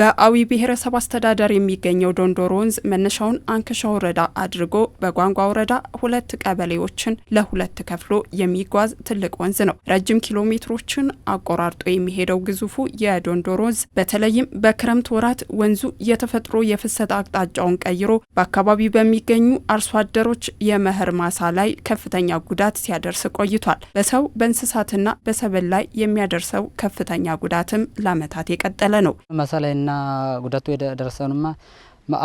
በአዊ ብሔረሰብ አስተዳደር የሚገኘው ዶንዶሮ ወንዝ መነሻውን አንክሻ ወረዳ አድርጎ በጓንጓ ወረዳ ሁለት ቀበሌዎችን ለሁለት ከፍሎ የሚጓዝ ትልቅ ወንዝ ነው። ረጅም ኪሎ ሜትሮችን አቆራርጦ የሚሄደው ግዙፉ የዶንዶሮ ወንዝ በተለይም በክረምት ወራት ወንዙ የተፈጥሮ የፍሰት አቅጣጫውን ቀይሮ በአካባቢው በሚገኙ አርሶ አደሮች የመኸር ማሳ ላይ ከፍተኛ ጉዳት ሲያደርስ ቆይቷል። በሰው በእንስሳትና በሰብል ላይ የሚያደርሰው ከፍተኛ ጉዳትም ለአመታት የቀጠለ ነው። እና ጉዳቱ የደረሰንማ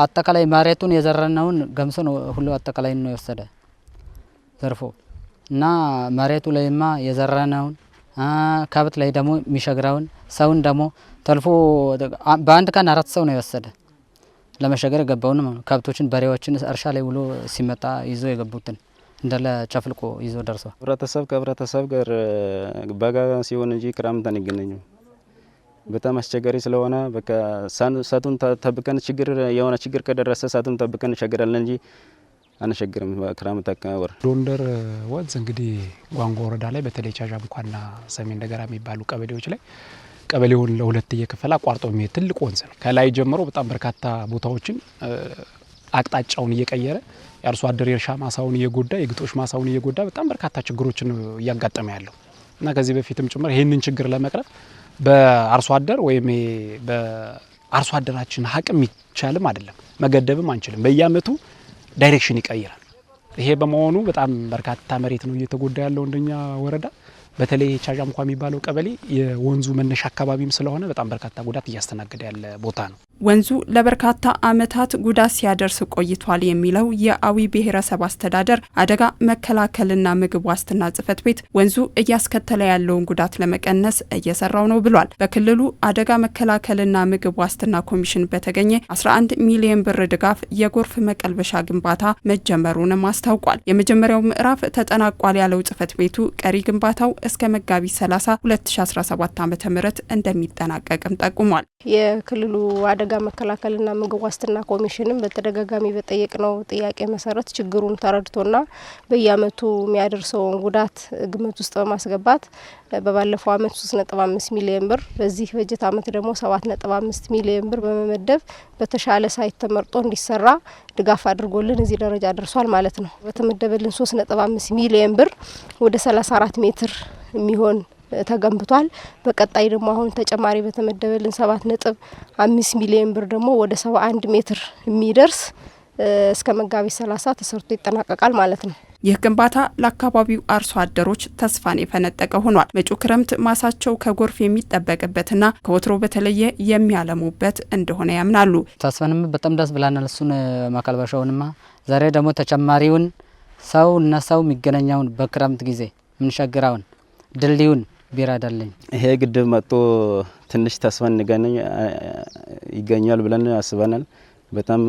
አጠቃላይ መሬቱን የዘረነውን ገምሶ ነው ሁሉ አጠቃላይ ነው የወሰደ ዘርፎ እና መሬቱ ላይማ የዘረነውን ከብት ላይ ደግሞ የሚሸግረውን ሰውን ደግሞ ተልፎ በአንድ ቀን አራት ሰው ነው የወሰደ። ለመሸገር የገባውን ከብቶችን፣ በሬዎችን እርሻ ላይ ውሎ ሲመጣ ይዞ የገቡትን እንደለ ጨፍልቆ ይዞ ደርሰው ህብረተሰብ ከህብረተሰብ ጋር በጋ ሲሆን እንጂ ክረምት አንገናኝም። በጣም አስቸጋሪ ስለሆነ በቃ እሳቱን ጠብቀን ችግር የሆነ ችግር ከደረሰ እሳቱን ጠብቀን እንሻገራለን እንጂ አንሸግርም። ክረምት ወር ዶንደር ወንዝ እንግዲህ ጓንጎ ወረዳ ላይ በተለይ ቻዣንኳና ሰሜን ደገራ የሚባሉ ቀበሌዎች ላይ ቀበሌውን ለሁለት እየከፈለ አቋርጦ የሚሄድ ትልቅ ወንዝ ነው። ከላይ ጀምሮ በጣም በርካታ ቦታዎችን አቅጣጫውን እየቀየረ የአርሶ አደር የእርሻ ማሳውን እየጎዳ የግጦሽ ማሳውን እየጎዳ በጣም በርካታ ችግሮችን እያጋጠመ ያለው እና ከዚህ በፊትም ጭምር ይህንን ችግር ለመቅረፍ በአርሶ አደር ወይም በአርሶ አደራችን አቅም ይቻልም አይደለም መገደብም አንችልም። በየአመቱ ዳይሬክሽን ይቀይራል። ይሄ በመሆኑ በጣም በርካታ መሬት ነው እየተጎዳ ያለው እንደኛ ወረዳ በተለይ ቻዣምኳ የሚባለው ቀበሌ የወንዙ መነሻ አካባቢም ስለሆነ በጣም በርካታ ጉዳት እያስተናገደ ያለ ቦታ ነው። ወንዙ ለበርካታ ዓመታት ጉዳት ሲያደርስ ቆይቷል የሚለው የአዊ ብሔረሰብ አስተዳደር አደጋ መከላከልና ምግብ ዋስትና ጽሕፈት ቤት ወንዙ እያስከተለ ያለውን ጉዳት ለመቀነስ እየሰራው ነው ብሏል። በክልሉ አደጋ መከላከልና ምግብ ዋስትና ኮሚሽን በተገኘ 11 ሚሊዮን ብር ድጋፍ የጎርፍ መቀልበሻ ግንባታ መጀመሩንም አስታውቋል። የመጀመሪያው ምዕራፍ ተጠናቋል ያለው ጽሕፈት ቤቱ ቀሪ ግንባታው እስከ መጋቢት 30 2017 ዓ.ም እንደሚጠናቀቅም ጠቁሟል። የክልሉ አደጋ መከላከልና ምግብ ዋስትና ኮሚሽንም በተደጋጋሚ በጠየቅነው ጥያቄ መሰረት ችግሩን ተረድቶና በየአመቱ የሚያደርሰውን ጉዳት ግምት ውስጥ በማስገባት በባለፈው አመት ሶስት ነጥብ አምስት ሚሊዮን ብር በዚህ በጀት አመት ደግሞ ሰባት ነጥብ አምስት ሚሊዮን ብር በመመደብ በተሻለ ሳይት ተመርጦ እንዲሰራ ድጋፍ አድርጎልን እዚህ ደረጃ ደርሷል ማለት ነው። በተመደበልን ሶስት ነጥብ አምስት ሚሊዮን ብር ወደ ሰላሳ አራት ሜትር የሚሆን ተገንብቷል። በቀጣይ ደግሞ አሁን ተጨማሪ በተመደበልን ሰባት ነጥብ አምስት ሚሊዮን ብር ደግሞ ወደ ሰባ አንድ ሜትር የሚደርስ እስከ መጋቢት ሰላሳ ተሰርቶ ይጠናቀቃል ማለት ነው። ይህ ግንባታ ለአካባቢው አርሶ አደሮች ተስፋን የፈነጠቀ ሆኗል። መጪው ክረምት ማሳቸው ከጎርፍ የሚጠበቅበትና ከወትሮ በተለየ የሚያለሙበት እንደሆነ ያምናሉ። ተስፋንም በጣም ደስ ብላናል። እሱን ማካልባሻውንማ ዛሬ ደግሞ ተጨማሪውን ሰው እና ሰው የሚገናኛውን በክረምት ጊዜ ምንሸግራውን ድልድዩን ቢራዳለኝ ይሄ ግድብ መጥቶ ትንሽ ተስፋ እንገናኝ ይገኛል ብለን አስበናል። በጣም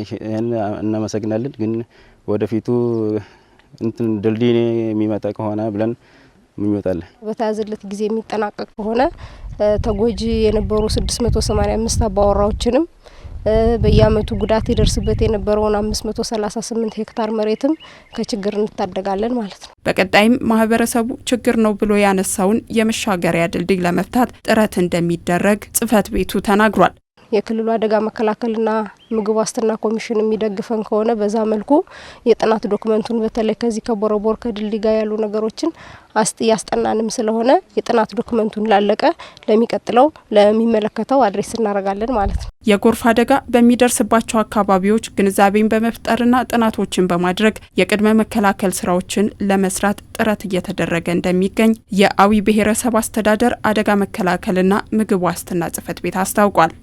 ይህን እናመሰግናለን። ግን ወደፊቱ እንትን ድልድይ የሚመጣ ከሆነ ብለን ምኞታለን። በተያዘለት ጊዜ የሚጠናቀቅ ከሆነ ተጎጂ የነበሩ 685 አባወራዎችንም በየአመቱ ጉዳት ይደርስበት የነበረውን 538 ሄክታር መሬትም ከችግር እንታደጋለን ማለት ነው። በቀጣይም ማህበረሰቡ ችግር ነው ብሎ ያነሳውን የመሻገሪያ ድልድይ ለመፍታት ጥረት እንደሚደረግ ጽህፈት ቤቱ ተናግሯል። የክልሉ አደጋ መከላከልና ምግብ ዋስትና ኮሚሽን የሚደግፈን ከሆነ በዛ መልኩ የጥናት ዶክመንቱን በተለይ ከዚህ ከቦረቦር ከድልድይ ጋር ያሉ ነገሮችን እያስጠናንም ስለሆነ የጥናት ዶክመንቱን ላለቀ ለሚቀጥለው ለሚመለከተው አድሬስ እናደርጋለን ማለት ነው። የጎርፍ አደጋ በሚደርስባቸው አካባቢዎች ግንዛቤን በመፍጠርና ጥናቶችን በማድረግ የቅድመ መከላከል ስራዎችን ለመስራት ጥረት እየተደረገ እንደሚገኝ የአዊ ብሔረሰብ አስተዳደር አደጋ መከላከልና ምግብ ዋስትና ጽሕፈት ቤት አስታውቋል።